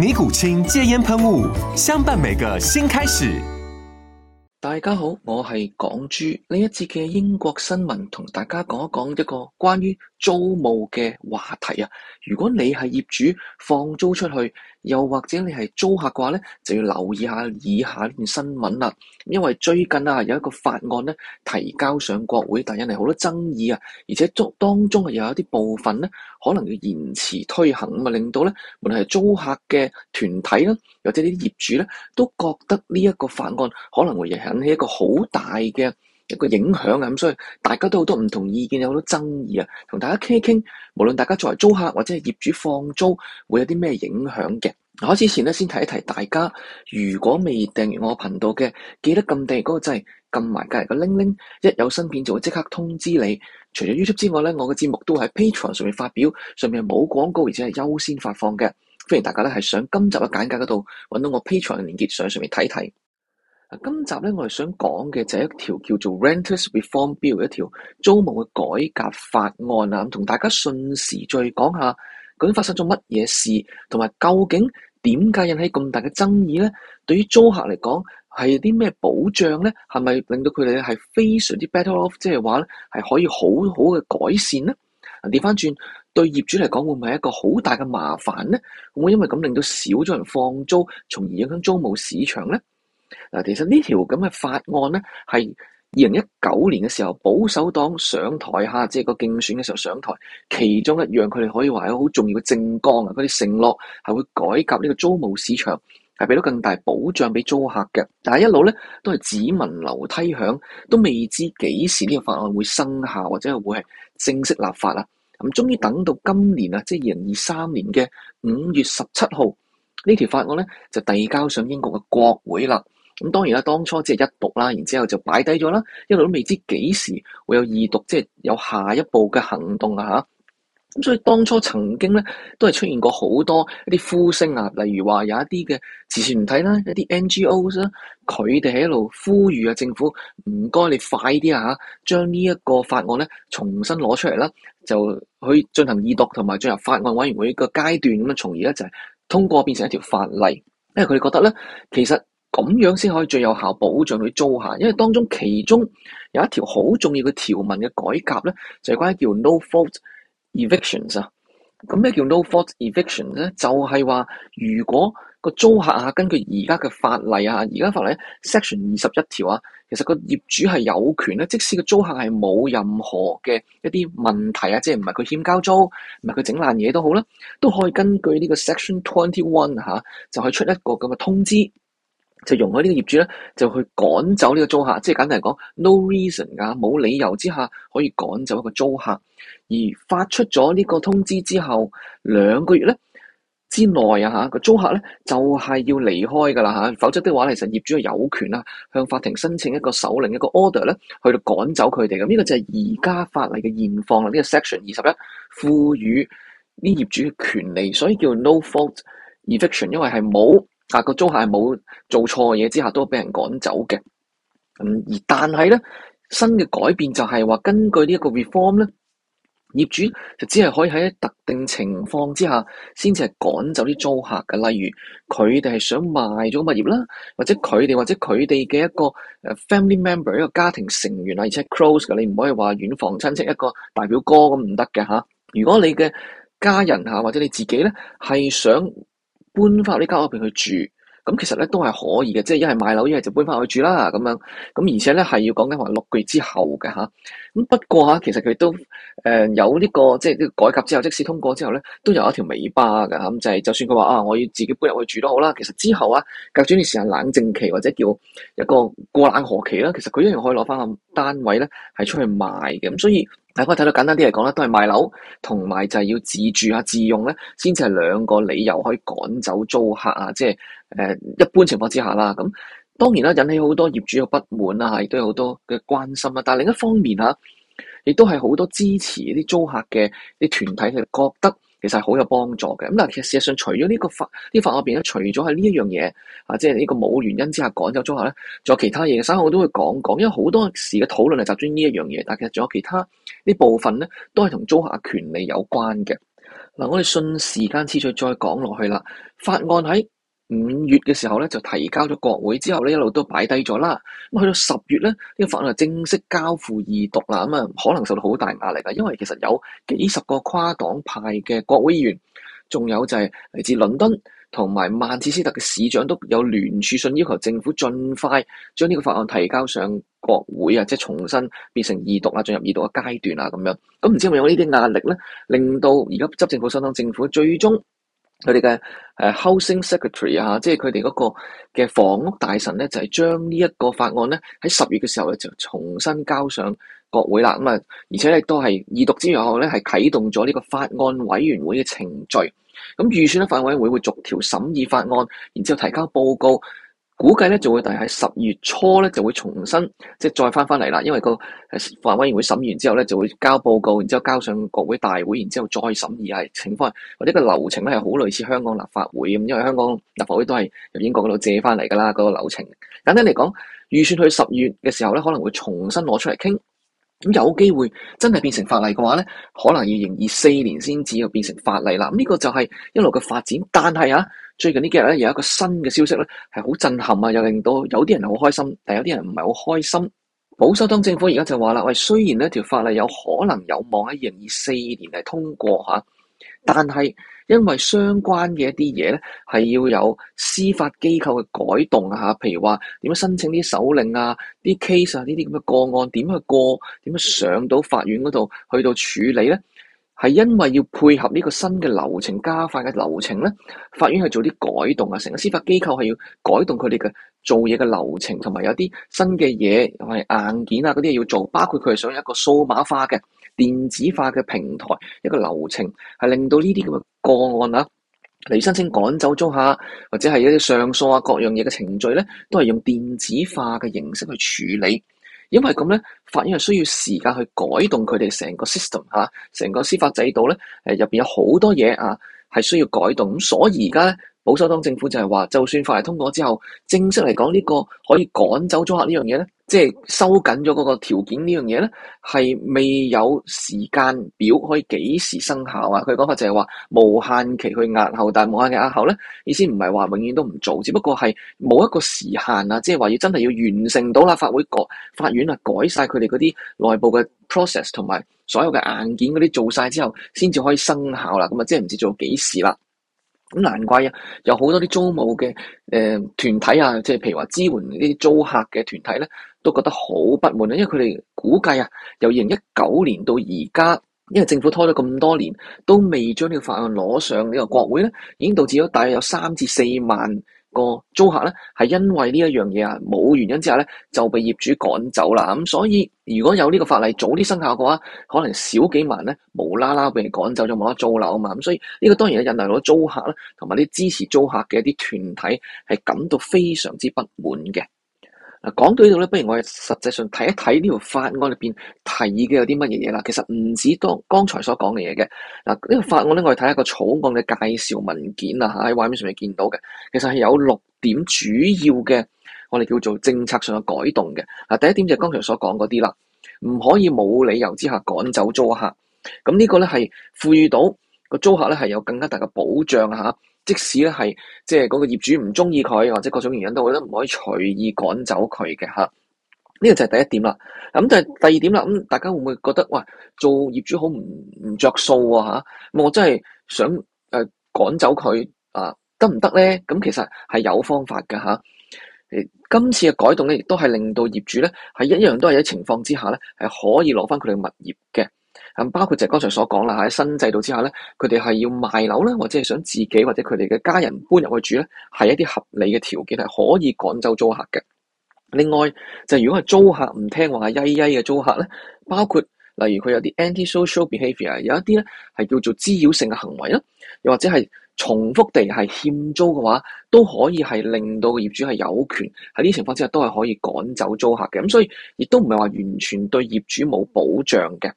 尼古清戒煙噴霧，相伴每個新開始。大家好，我係港豬。呢一節嘅英國新聞，同大家講一講一個關於租務嘅話題啊。如果你係業主，放租出去。又或者你係租客嘅話咧，就要留意下以下呢件新聞啦。因為最近啊，有一個法案咧提交上國會，但引嚟好多爭議啊，而且中當中又有啲部分咧，可能要延遲推行，咁啊令到咧，無論係租客嘅團體啦，或者呢啲業主咧，都覺得呢一個法案可能會引起一個好大嘅一個影響啊，咁所以大家都好多唔同意見，有好多爭議啊。同大家傾一傾，無論大家作為租客或者係業主放租，會有啲咩影響嘅。我開始前咧，先提一提大家，如果未訂完我頻道嘅，記得撳訂嗰個掣，撳埋隔籬個鈴鈴，一有新片就會即刻通知你。除咗 YouTube 之外咧，我嘅節目都喺 Patreon 上面發表，上面冇廣告而且係優先發放嘅。歡迎大家咧係上今集嘅簡介嗰度揾到我 Patreon 嘅連結上上面睇睇。今集咧，我哋想講嘅就係一條叫做 Renters Reform Bill 一條租務嘅改革法案啊，同大家順時再講下，究竟發生咗乜嘢事，同埋究竟點解引起咁大嘅爭議咧？對於租客嚟講，係啲咩保障咧？係咪令到佢哋係非常之 better off，即係話咧，係可以好好嘅改善咧？掉翻轉，對業主嚟講，會唔會係一個好大嘅麻煩咧？會唔會因為咁令到少咗人放租，從而影響租務市場咧？嗱，其實呢條咁嘅法案咧，係二零一九年嘅時候保守黨上台下，即係個競選嘅時候上台，其中一樣佢哋可以話係好重要嘅政綱啊，嗰啲承諾係會改革呢個租務市場，係俾到更大保障俾租客嘅。但係一路咧都係只聞樓梯響，都未知幾時呢個法案會生效，或者係會係正式立法啦。咁終於等到今年啊，即係二零二三年嘅五月十七號，呢條法案咧就遞交上英國嘅國會啦。咁當然啦，當初只係一讀啦，然之後就擺低咗啦，一路都未知幾時會有二讀，即係有下一步嘅行動啊嚇！咁所以當初曾經咧，都係出現過好多一啲呼聲啊，例如話有一啲嘅慈善團體啦、一啲 NGOs 啦，佢哋喺度呼籲啊，政府唔該你快啲啊，將呢一個法案咧重新攞出嚟啦，就去進行二讀同埋進入法案委員會個階段咁樣，從而咧就係通過變成一條法例，因為佢哋覺得咧，其實，咁樣先可以最有效保障佢租客，因為當中其中有一條好重要嘅條文嘅改革咧，就係關於叫 no fault evictions 啊。咁咩叫 no fault eviction 咧？就係、是、話如果個租客啊，根據而家嘅法例啊，而家法例 section 二十一條啊，其實個業主係有權咧，即使個租客係冇任何嘅一啲問題啊，即係唔係佢欠交租，唔係佢整爛嘢都好啦，都可以根據呢個 section twenty one、啊、嚇，就可以出一個咁嘅通知。就容許呢個業主咧，就去趕走呢個租客，即係簡單嚟講，no reason 噶、啊，冇理由之下可以趕走一個租客。而發出咗呢個通知之後，兩個月咧之內啊，嚇個租客咧就係、是、要離開㗎啦嚇，否則的話，其實業主有權啊向法庭申請一個手令，一個 order 咧去到趕走佢哋咁。呢個就係而家法例嘅現況啦，呢、這個 section 二十一賦予呢業主嘅權利，所以叫 no fault eviction，因為係冇。啊！個租客係冇做錯嘢之下，都俾人趕走嘅。咁、嗯、而但係咧，新嘅改變就係話，根據呢一個 reform 咧，業主就只係可以喺特定情況之下，先至係趕走啲租客嘅。例如佢哋係想賣咗物業啦，或者佢哋或者佢哋嘅一個誒 family member，一個家庭成員啊，而且 close 嘅，你唔可以話遠房親戚一個大表哥咁唔得嘅嚇。如果你嘅家人嚇、啊、或者你自己咧係想，搬翻呢間屋入邊去住，咁其實咧都係可以嘅，即係一係買樓，一係就搬翻去住啦咁樣。咁而且咧係要講緊話六個月之後嘅吓。咁不過吓，其實佢都誒有呢個即係呢個改革之後，即使通過之後咧，都有一條尾巴嘅嚇，就係、是、就算佢話啊，我要自己搬入去住都好啦，其實之後啊，隔咗一段時間冷靜期或者叫一個過冷河期啦，其實佢一樣可以攞翻。單位咧係出去賣嘅，咁所以大家可以睇到簡單啲嚟講咧，都係賣樓同埋就係要自住啊、自用咧，先至係兩個理由可以趕走租客啊，即係誒、呃、一般情況之下啦。咁、嗯、當然啦，引起好多業主嘅不滿啦，亦都有好多嘅關心啦。但另一方面嚇，亦、啊、都係好多支持啲租客嘅啲團體，覺得。其實好有幫助嘅，咁但其實事實上除、這個，除咗呢個法呢法案入邊咧，除咗係呢一樣嘢啊，即係呢個冇原因之下趕走租客咧，仲有其他嘢，稍後我都會講講，因為好多時嘅討論係集中於呢一樣嘢，但其實仲有其他呢部分咧，都係同租客嘅權利有關嘅。嗱，我哋順時間次序再講落去啦，法案喺五月嘅時候咧，就提交咗國會，之後咧一路都擺低咗啦。咁去到十月咧，呢、這個法案正式交付二讀啦。咁啊，可能受到好大壓力噶，因為其實有幾十個跨黨派嘅國會議員，仲有就係嚟自倫敦同埋曼徹斯特嘅市長都有聯署信，要求政府盡快將呢個法案提交上國會啊，即係重新變成二讀啊，進入二讀嘅階段啊，咁樣。咁唔知係咪有冇呢啲壓力咧，令到而家執政府、相黨政府最終？佢哋嘅誒 housing secretary 啊，即係佢哋嗰個嘅房屋大臣咧，就係將呢一個法案咧喺十月嘅時候咧就重新交上國會啦。咁啊，而且亦都係二讀之後咧，係啟動咗呢個法案委員會嘅程序。咁預算咧，法案委員會會逐條審議法案，然之後提交報告。估計咧，就會係十月初咧，就會重新即係再返返嚟啦。因為個法案委員會審完之後咧，就會交報告，然之後交上國會大會，然之後再審議係情況。或者個流程咧，係好類似香港立法會咁，因為香港立法會都係由英國嗰度借返嚟㗎喇，嗰個流程。簡單嚟講，預算去十月嘅時候咧，可能會重新攞出嚟傾。咁有機會真係變成法例嘅話咧，可能要延二四年先至又變成法例啦。咁呢個就係一路嘅發展，但係啊。最近呢幾日咧，有一個新嘅消息咧，係好震撼啊！又令到有啲人好開心，但有啲人唔係好開心。保守黨政府而家就話啦，喂，雖然呢條法例有可能有望喺二零二四年係通過嚇，但係因為相關嘅一啲嘢咧，係要有司法機構嘅改動啊，譬如話點樣申請啲手令啊、啲 case 啊呢啲咁嘅個案點樣去過、點樣上到法院嗰度去到處理咧？係因為要配合呢個新嘅流程、加快嘅流程咧，法院係做啲改動啊，成個司法機構係要改動佢哋嘅做嘢嘅流程，同埋有啲新嘅嘢同埋硬件啊嗰啲嘢要做，包括佢係想一個數碼化嘅電子化嘅平台，一個流程係令到呢啲咁嘅個案啊，嚟申請趕走租客，或者係一啲上訴啊各樣嘢嘅程序咧，都係用電子化嘅形式去處理。因為咁咧，法院係需要時間去改動佢哋成個 system 嚇、啊，成個司法制度咧，誒入邊有好多嘢啊，係需要改動，所以而家咧。保守黨政府就係話，就算法例通過之後，正式嚟講呢個可以趕走租客呢樣嘢咧，即係收緊咗嗰個條件呢樣嘢咧，係未有時間表可以幾時生效啊？佢講法就係話無限期去押後，但係無限期押後咧，意思唔係話永遠都唔做，只不過係冇一個時限啊，即係話要真係要完成到啦，法會改法院啊，改晒佢哋嗰啲內部嘅 process 同埋所有嘅硬件嗰啲做晒之後，先至可以生效啦。咁啊，即係唔知做幾時啦。咁難怪啊，有好多啲租務嘅誒團體啊，即係譬如話支援呢啲租客嘅團體咧，都覺得好不滿啊，因為佢哋估計啊，由二零一九年到而家，因為政府拖咗咁多年，都未將呢個法案攞上呢個國會咧，已經導致咗大約有三至四萬個租客咧，係因為呢一樣嘢啊，冇原因之下咧，就被業主趕走啦。咁所以，如果有呢個法例早啲生效嘅話，可能少幾萬咧，無啦啦俾人趕走咗，冇得租樓啊嘛。咁所以呢個當然咧，引嚟咗租客咧，同埋啲支持租客嘅一啲團體係感到非常之不滿嘅。嗱，講到呢度咧，不如我哋實際上睇一睇呢條法案裏邊提嘅有啲乜嘢嘢啦。其實唔止當剛才所講嘅嘢嘅，嗱、這、呢個法案咧，我哋睇一個草案嘅介紹文件啊，喺畫面上面見到嘅，其實係有六點主要嘅，我哋叫做政策上嘅改動嘅。嗱，第一點就係剛才所講嗰啲啦，唔可以冇理由之下趕走租客，咁呢個咧係賦予到個租客咧係有更加大嘅保障嚇。即使咧係即係嗰個業主唔中意佢，或者各種原因，都我覺得唔可以隨意趕走佢嘅吓。呢、這個就係第一點啦。咁、嗯、就第二點啦。咁大家會唔會覺得哇，做業主好唔唔着數啊吓，啊？我真係想誒趕、呃、走佢啊，得唔得咧？咁、嗯、其實係有方法嘅吓。誒、啊，今次嘅改動咧，亦都係令到業主咧係一樣都係喺情況之下咧，係可以攞翻佢哋嘅物業嘅。咁包括就係剛才所講啦喺新制度之下咧，佢哋係要賣樓啦，或者係想自己或者佢哋嘅家人搬入去住咧，係一啲合理嘅條件係可以趕走租客嘅。另外就係如果係租客唔聽話、曳曳嘅租客咧，包括例如佢有啲 anti-social behaviour 有一啲咧係叫做滋擾性嘅行為啦，又或者係重複地係欠租嘅話，都可以係令到個業主係有權喺呢啲情況之下都係可以趕走租客嘅。咁所以亦都唔係話完全對業主冇保障嘅。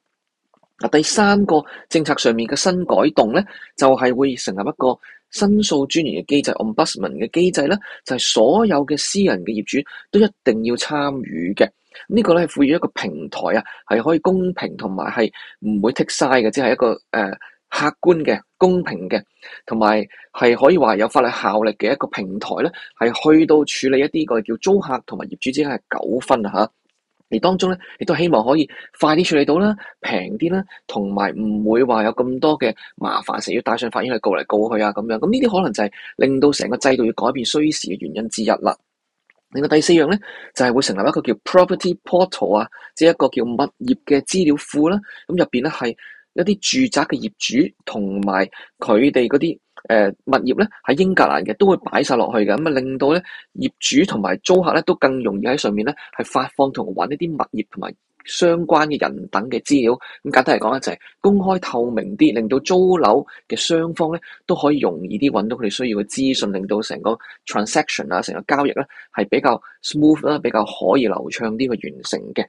第三個政策上面嘅新改動呢，就係、是、會成立一個申訴專員嘅機制，ombudsman 嘅機制呢就係、是、所有嘅私人嘅業主都一定要參與嘅。呢、這個呢，係賦予一個平台啊，係可以公平同埋係唔會剔晒嘅，即係一個誒、呃、客觀嘅、公平嘅，同埋係可以話有法律效力嘅一個平台呢係去到處理一啲個叫租客同埋業主之間嘅糾紛啊嚇當中咧，亦都希望可以快啲處理到啦，平啲啦，同埋唔會話有咁多嘅麻煩，成日要帶上法院去告嚟告去啊咁樣。咁呢啲可能就係令到成個制度要改變需時嘅原因之一啦。另外第四樣咧，就係會成立一個叫 Property Portal 啊，即係一個叫物業嘅資料庫啦。咁入邊咧係一啲住宅嘅業主同埋佢哋嗰啲。誒，物業咧喺英格蘭嘅，都會擺晒落去嘅，咁啊，令到咧業主同埋租客咧都更容易喺上面咧係發放同揾一啲物業同埋相關嘅人等嘅資料。咁簡單嚟講咧，就係公開透明啲，令到租樓嘅雙方咧都可以容易啲揾到佢哋需要嘅資訊，令到成個 transaction 啊，成個交易咧係比較 smooth 啦，比較可以流暢啲去完成嘅。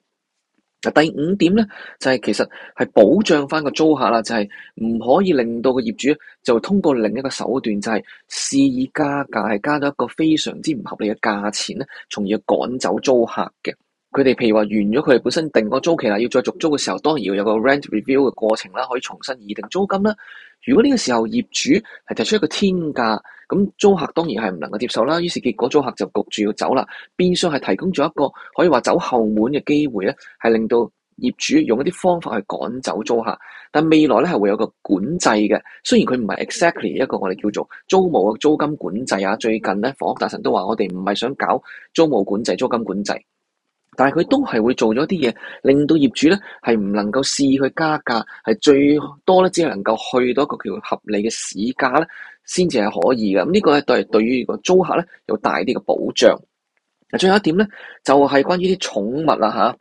第五點咧，就係、是、其實係保障翻個租客啦，就係、是、唔可以令到個業主就通過另一個手段，就係肆意加價，係加到一個非常之唔合理嘅價錢咧，從而趕走租客嘅。佢哋譬如話完咗佢哋本身定嗰個租期啦，要再續租嘅時候，當然要有個 rent review 嘅過程啦，可以重新擬定租金啦。如果呢個時候業主係提出一個天價。咁租客當然係唔能夠接受啦，於是結果租客就焗住要走啦。變相係提供咗一個可以話走後門嘅機會咧，係令到業主用一啲方法去趕走租客。但未來咧係會有個管制嘅，雖然佢唔係 exactly 一個我哋叫做租務嘅租金管制啊。最近咧，房屋大臣都話我哋唔係想搞租務管制、租金管制，但係佢都係會做咗啲嘢，令到業主咧係唔能夠肆意去加價，係最多咧只係能夠去到一個叫合理嘅市價咧。先至係可以嘅，咁、這、呢個咧對係對於個租客咧有大啲嘅保障。啊，仲有一點咧，就係、是、關於啲寵物啊吓，啊，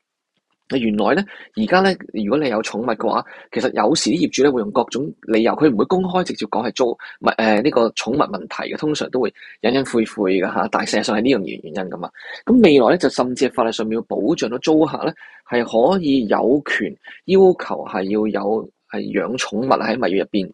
原來咧，而家咧，如果你有寵物嘅話，其實有時啲業主咧會用各種理由，佢唔會公開直接講係租物誒呢個寵物問題嘅，通常都會隱隱晦晦嘅吓。但係事實上係呢樣原原因噶嘛。咁未來咧就甚至係法律上面要保障到租客咧係可以有權要求係要有係養寵物喺物業入邊。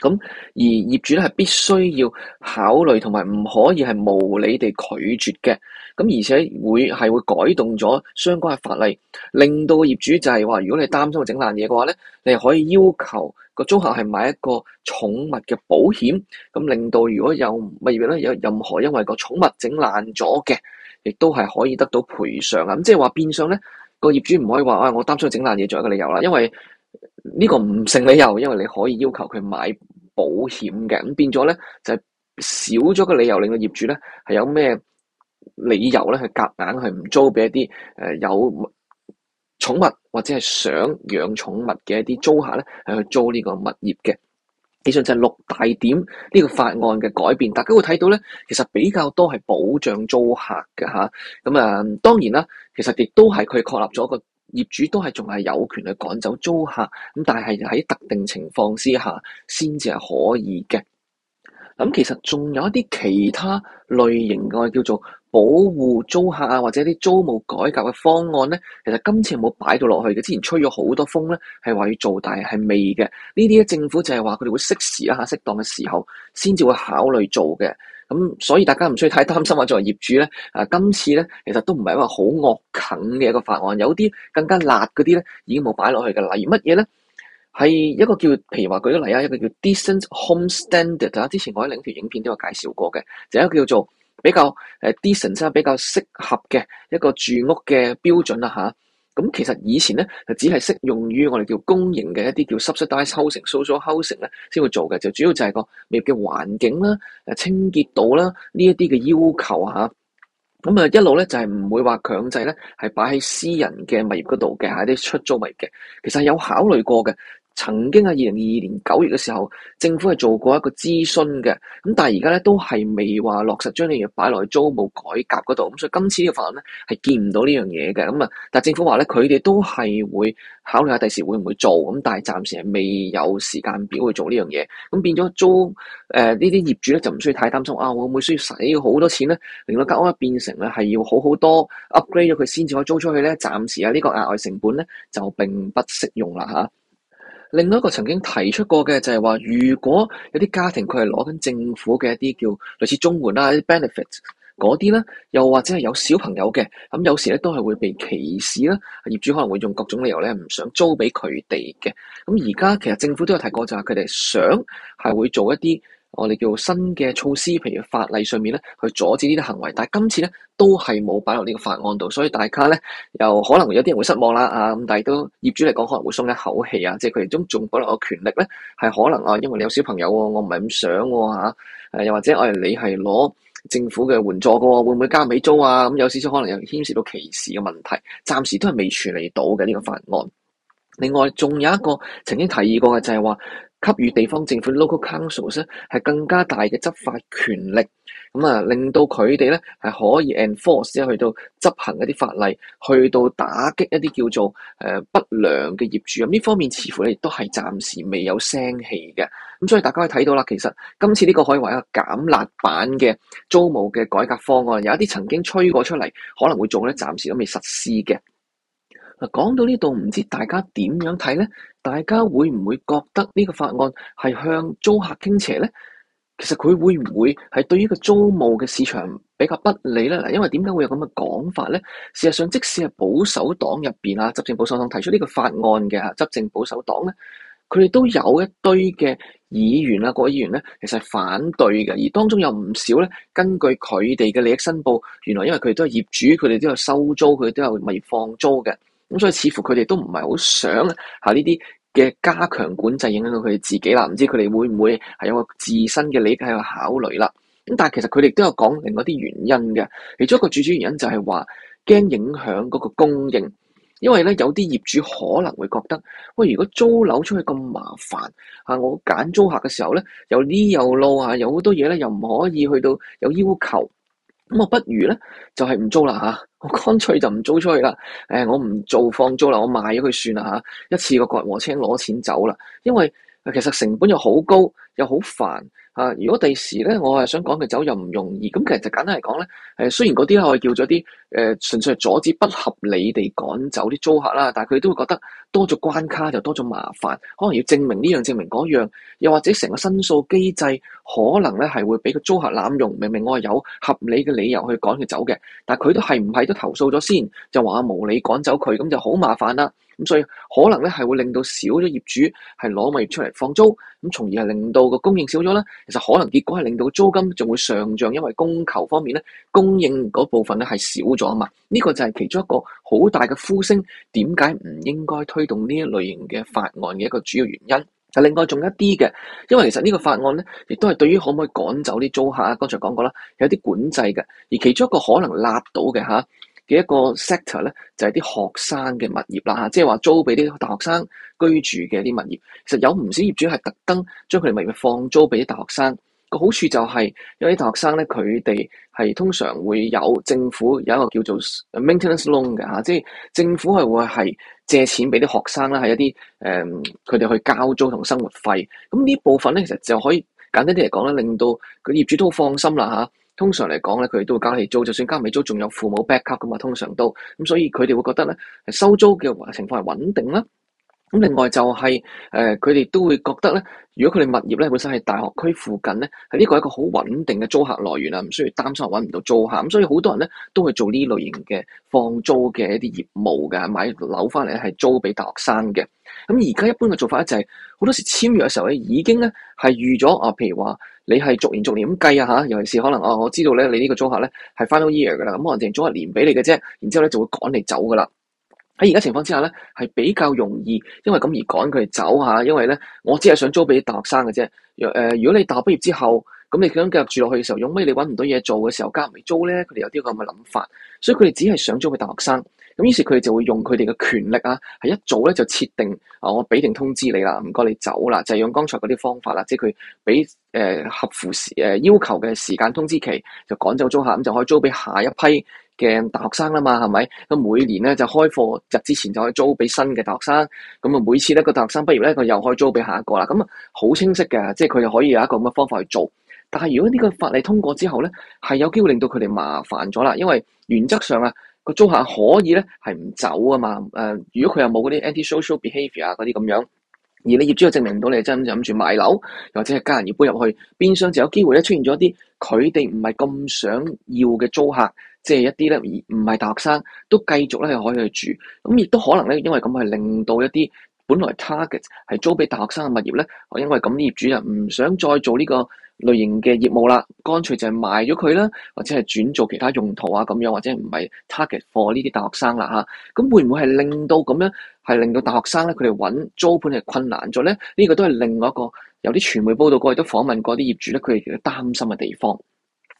咁而業主咧係必須要考慮同埋唔可以係無理地拒絕嘅，咁而且會係會改動咗相關嘅法例，令到業主就係話，如果你擔心整爛嘢嘅話咧，你可以要求個租客係買一個寵物嘅保險，咁令到如果有乜嘢咧，有任何因為個寵物整爛咗嘅，亦都係可以得到賠償啊！咁即係話變相咧，個業主唔可以話啊、哎，我擔心整爛嘢作為一個理由啦，因為。呢個唔成理由，因為你可以要求佢買保險嘅，咁變咗咧就係、是、少咗個理由令到業主咧係有咩理由咧去夾硬去唔租俾一啲誒、呃、有寵物或者係想養寵物嘅一啲租客咧去租呢個物業嘅。基本上就係六大點呢個法案嘅改變，大家會睇到咧，其實比較多係保障租客嘅吓。咁啊、嗯，當然啦，其實亦都係佢確立咗一個。業主都係仲係有權去趕走租客，咁但係喺特定情況之下，先至係可以嘅。咁其實仲有一啲其他類型嘅叫做保護租客啊，或者啲租務改革嘅方案咧，其實今次冇擺到落去嘅。之前吹咗好多風咧，係話要做，但係係未嘅。呢啲咧政府就係話佢哋會適時一下適當嘅時候，先至會考慮做嘅。咁、嗯、所以大家唔需要太擔心啊！作為業主咧，啊今次咧其實都唔係一個好惡啃嘅一個法案，有啲更加辣嗰啲咧已經冇擺落去嘅。例如乜嘢咧？係一個叫譬如話舉一例啊，一個叫 Decent Home Standard 啊，之前我喺另一條影片都有介紹過嘅，就是、一個叫做比較誒 decent 啊，比較適合嘅一個住屋嘅標準啦嚇。啊咁其實以前咧就只係適用於我哋叫公營嘅一啲叫 subsidised housing、social housing 咧先會做嘅，就主要就係個物業嘅環境啦、誒清潔度啦呢一啲嘅要求嚇。咁啊一路咧就係、是、唔會話強制咧係擺喺私人嘅物業嗰度嘅係啲出租物業嘅，其實有考慮過嘅。曾經喺二零二二年九月嘅時候，政府係做過一個諮詢嘅，咁但係而家咧都係未話落實將呢嘢擺落去租務改革嗰度，咁所以今次呢個法案咧係見唔到呢樣嘢嘅，咁啊，但係政府話咧佢哋都係會考慮下第時會唔會做，咁但係暫時係未有時間表去做呢樣嘢，咁變咗租誒呢啲業主咧就唔需要太擔心啊，我會唔會需要使好多錢咧？令到間屋一變成咧係要好好多 upgrade 咗佢先至可以租出去咧，暫時啊呢個額外成本咧就並不適用啦嚇。啊另外一個曾經提出過嘅就係話，如果有啲家庭佢係攞緊政府嘅一啲叫類似綜援啦、一啲 benefit 嗰啲咧，又或者係有小朋友嘅，咁有時咧都係會被歧視啦。業主可能會用各種理由咧唔想租畀佢哋嘅。咁而家其實政府都有提過，就係佢哋想係會做一啲，我哋叫新嘅措施，譬如法例上面咧，去阻止呢啲行為。但係今次咧，都係冇擺落呢個法案度，所以大家咧，又可能有啲人會失望啦。啊，咁但係都業主嚟講，可能會鬆一口氣啊。即係佢哋都仲保留個權力咧，係可能啊，因為你有小朋友喎，我唔係咁想喎、啊、嚇。誒、啊，又或者我哋、啊，你係攞政府嘅援助個喎，會唔會加美租啊？咁、啊嗯、有少少可能又牽涉到歧視嘅問題。暫時都係未處理到嘅呢、這個法案。另外，仲有一個曾經提議過嘅就係話。給予地方政府 local councils 咧係更加大嘅執法權力，咁啊令到佢哋咧係可以 enforce 即去到執行一啲法例，去到打擊一啲叫做誒不良嘅業主。咁呢方面似乎亦都係暫時未有聲氣嘅。咁所以大家可以睇到啦，其實今次呢個可以話係一個減辣版嘅租務嘅改革方案，有一啲曾經吹過出嚟可能會做咧，暫時都未實施嘅。嗱，講到呢度，唔知大家點樣睇咧？大家會唔會覺得呢個法案係向租客傾斜呢？其實佢會唔會係對於個租務嘅市場比較不利呢？嗱，因為點解會有咁嘅講法呢？事實上，即使係保守黨入邊啊，執政保守黨提出呢個法案嘅啊，執政保守黨呢，佢哋都有一堆嘅議員啊，各位議員呢，其實反對嘅，而當中有唔少呢，根據佢哋嘅利益申報，原來因為佢哋都係業主，佢哋都有收租，佢哋都有物業放租嘅。咁所以似乎佢哋都唔係好想嚇呢啲嘅加強管制影響到佢哋自己啦，唔知佢哋會唔會係有個自身嘅理解嘅考慮啦。咁但係其實佢哋都有講另外啲原因嘅，其中一個主主要原因就係話驚影響嗰個供應，因為咧有啲業主可能會覺得，喂，如果租樓出去咁麻煩嚇，我揀租客嘅時候咧又呢有又路嚇，有好多嘢咧又唔可以去到有要求，咁我不如咧就係、係、唔租啦嚇。我乾脆就唔租出去啦、呃，我唔做放租啦，我賣咗佢算啦嚇、啊，一次過割禾青攞錢走啦，因為其實成本又好高，又好煩。啊！如果第時咧，我係想趕佢走又唔容易，咁其實就簡單嚟講咧，誒雖然嗰啲我可以叫咗啲誒純粹係阻止不合理地趕走啲租客啦，但係佢都會覺得多咗關卡就多咗麻煩，可能要證明呢樣證明嗰樣，又或者成個申訴機制可能咧係會俾個租客濫用，明明我係有合理嘅理由去趕佢走嘅，但係佢都係唔係都投訴咗先，就話無理趕走佢，咁就好麻煩啦。咁所以可能咧係會令到少咗業主係攞物業出嚟放租。咁從而係令到個供應少咗啦，其實可能結果係令到租金仲會上漲，因為供求方面咧，供應嗰部分咧係少咗啊嘛。呢個就係其中一個好大嘅呼聲，點解唔應該推動呢一類型嘅法案嘅一個主要原因。啊，另外仲有一啲嘅，因為其實呢個法案咧，亦都係對於可唔可以趕走啲租客啊，剛才講過啦，有啲管制嘅，而其中一個可能納到嘅嚇嘅一個 sector 咧，就係啲學生嘅物業啦嚇，即係話租俾啲大學生居住嘅啲物業。其實有唔少業主係特登將佢哋物業放租俾啲大學生。個好處就係，因為啲大學生咧，佢哋係通常會有政府有一個叫做 maintenance loan 嘅嚇，即係政府係會係借錢俾啲學生啦，係一啲誒佢哋去交租同生活費。咁呢部分咧，其實就可以簡單啲嚟講咧，令到個業主都好放心啦嚇。哈通常嚟講咧，佢哋都會交起租，就算交唔起租，仲有父母 back up 噶嘛。通常都咁，所以佢哋會覺得咧，收租嘅情況係穩定啦。咁另外就係、是、誒，佢、呃、哋都會覺得咧，如果佢哋物業咧本身係大學區附近咧，係呢個一個好穩定嘅租客來源啊，唔需要擔心揾唔到租客。咁所以好多人咧都會做呢類型嘅放租嘅一啲業務嘅，買樓翻嚟咧係租俾大學生嘅。咁而家一般嘅做法就係、是、好多時簽約嘅時候咧，已經咧係預咗啊，譬如話。你係逐年逐年咁計啊，嚇！尤其是可能啊、哦，我知道咧，你呢個租客咧係 final year 嘅啦，咁我淨租一年俾你嘅啫，然之後咧就會趕你走噶啦。喺而家情況之下咧，係比較容易，因為咁而趕佢哋走嚇，因為咧我只係想租俾啲大學生嘅啫。若、呃、如果你大學畢業之後，咁你想繼續住落去嘅時候，用咩你揾唔到嘢做嘅時候，加唔起租咧，佢哋有啲咁嘅諗法，所以佢哋只係想租俾大學生。咁於是佢哋就會用佢哋嘅權力啊，係一早咧就設定啊，我俾定通知你啦，唔該你走啦，就係、用剛才嗰啲方法啦，即係佢俾誒合符、呃、要求嘅時間通知期，就趕走租客，咁就可以租俾下一批嘅大學生啦嘛，係咪？咁每年咧就開課日之前就可以租俾新嘅大學生，咁每次咧個大學生畢業咧，佢又可以租俾下一個啦。咁好清晰嘅，即係佢哋可以有一個咁嘅方法去做。但係如果呢個法例通過之後呢，係有機會令到佢哋麻煩咗啦，因為原則上啊。個租客可以咧係唔走啊嘛？誒、呃，如果佢又冇嗰啲 anti-social behaviour 啊嗰啲咁樣，而你業主又證明唔到你真係諗住賣樓，或者係家人要搬入去，變相就有機會咧出現咗一啲佢哋唔係咁想要嘅租客，即係一啲咧唔唔係大學生都繼續咧係可以去住。咁亦都可能咧，因為咁係令到一啲本來 target 係租俾大學生嘅物業咧，因為咁啲業主又唔想再做呢、呢個。類型嘅業務啦，乾脆就係賣咗佢啦，或者係轉做其他用途啊，咁樣或者唔係 target for 呢啲大學生啦吓，咁、啊、會唔會係令到咁樣係令到大學生咧佢哋揾租盤係困難咗咧？呢、這個都係另外一個有啲傳媒報道過，亦都訪問過啲業主咧，佢哋其實擔心嘅地方。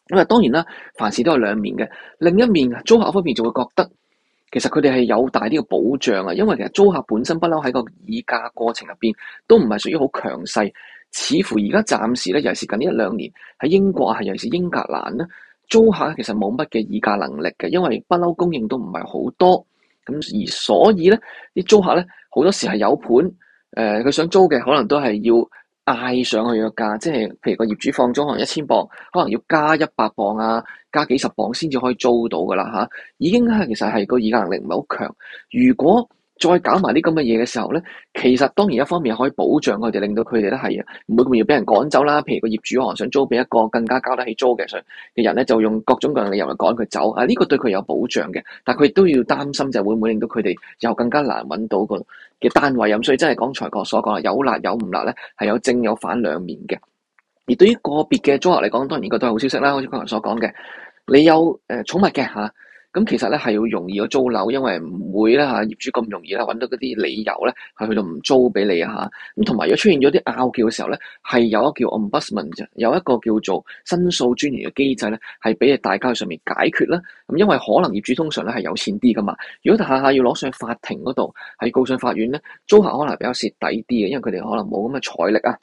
咁啊，當然啦，凡事都有兩面嘅。另一面租客方面就會覺得，其實佢哋係有大啲嘅保障啊，因為其實租客本身不嬲喺個議價過程入邊都唔係屬於好強勢。似乎而家暫時咧，尤其是近呢一兩年喺英國，係尤其是英格蘭咧，租客其實冇乜嘅議價能力嘅，因為不嬲供應都唔係好多，咁而所以咧，啲租客咧好多時係有盤，誒、呃、佢想租嘅可能都係要嗌上去個價，即係譬如個業主放租可能一千鎊，可能要加一百鎊啊，加幾十鎊先至可以租到噶啦嚇，已經係其實係、個議價能力唔係好強，如果。再搞埋啲咁嘅嘢嘅時候咧，其實當然一方面可以保障佢哋，令到佢哋咧係啊，唔會咁易俾人趕走啦。譬如個業主可能想租俾一個更加交得起租嘅上嘅人咧，就用各種各樣嘅理由嚟趕佢走。啊，呢個對佢有保障嘅，但佢亦都要擔心就會唔會令到佢哋又更加難揾到個嘅單位入，水。所以真係講剛才所講啊，有辣有唔辣咧，係有正有反兩面嘅。而對於個別嘅租客嚟講，當然個都係好消息啦。好似剛才所講嘅，你有誒寵物嘅嚇。啊。咁其實咧係要容易咗租樓，因為唔會咧嚇業主咁容易咧揾到嗰啲理由咧，係去到唔租俾你嚇。咁同埋如果出現咗啲拗撬嘅時候咧，係有一個叫 Ombudsman，有一個叫做申訴專員嘅機制咧，係俾你大家喺上面解決啦。咁、啊、因為可能業主通常咧係有錢啲噶嘛，如果下下要攞上法庭嗰度，係告上法院咧，租客可能比較蝕底啲嘅，因為佢哋可能冇咁嘅財力啊。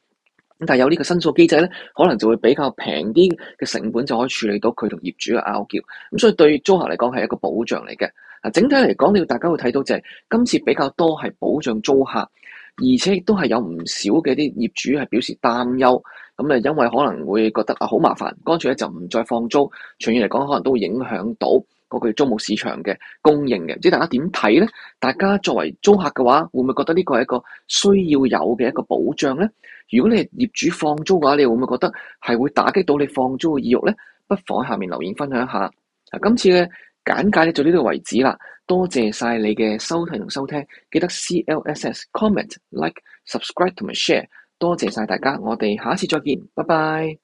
但有呢個申訴嘅機制呢，可能就會比較平啲嘅成本，就可以處理到佢同業主嘅拗撬。咁、嗯、所以對租客嚟講係一個保障嚟嘅。啊，整體嚟講，你大家會睇到就係、是、今次比較多係保障租客，而且亦都係有唔少嘅啲業主係表示擔憂。咁、嗯、啊，因為可能會覺得啊好麻煩，乾脆咧就唔再放租。長遠嚟講，可能都會影響到。嗰個租務市場嘅供應嘅，即大家點睇咧？大家作為租客嘅話，會唔會覺得呢個係一個需要有嘅一個保障咧？如果你係業主放租嘅話，你會唔會覺得係會打擊到你放租嘅意欲咧？不妨喺下面留言分享一下。啊，今次嘅簡介咧就呢度為止啦。多謝晒你嘅收睇同收聽，記得 CLSS comment like subscribe 同埋 share。多謝晒大家，我哋下次再見，拜拜。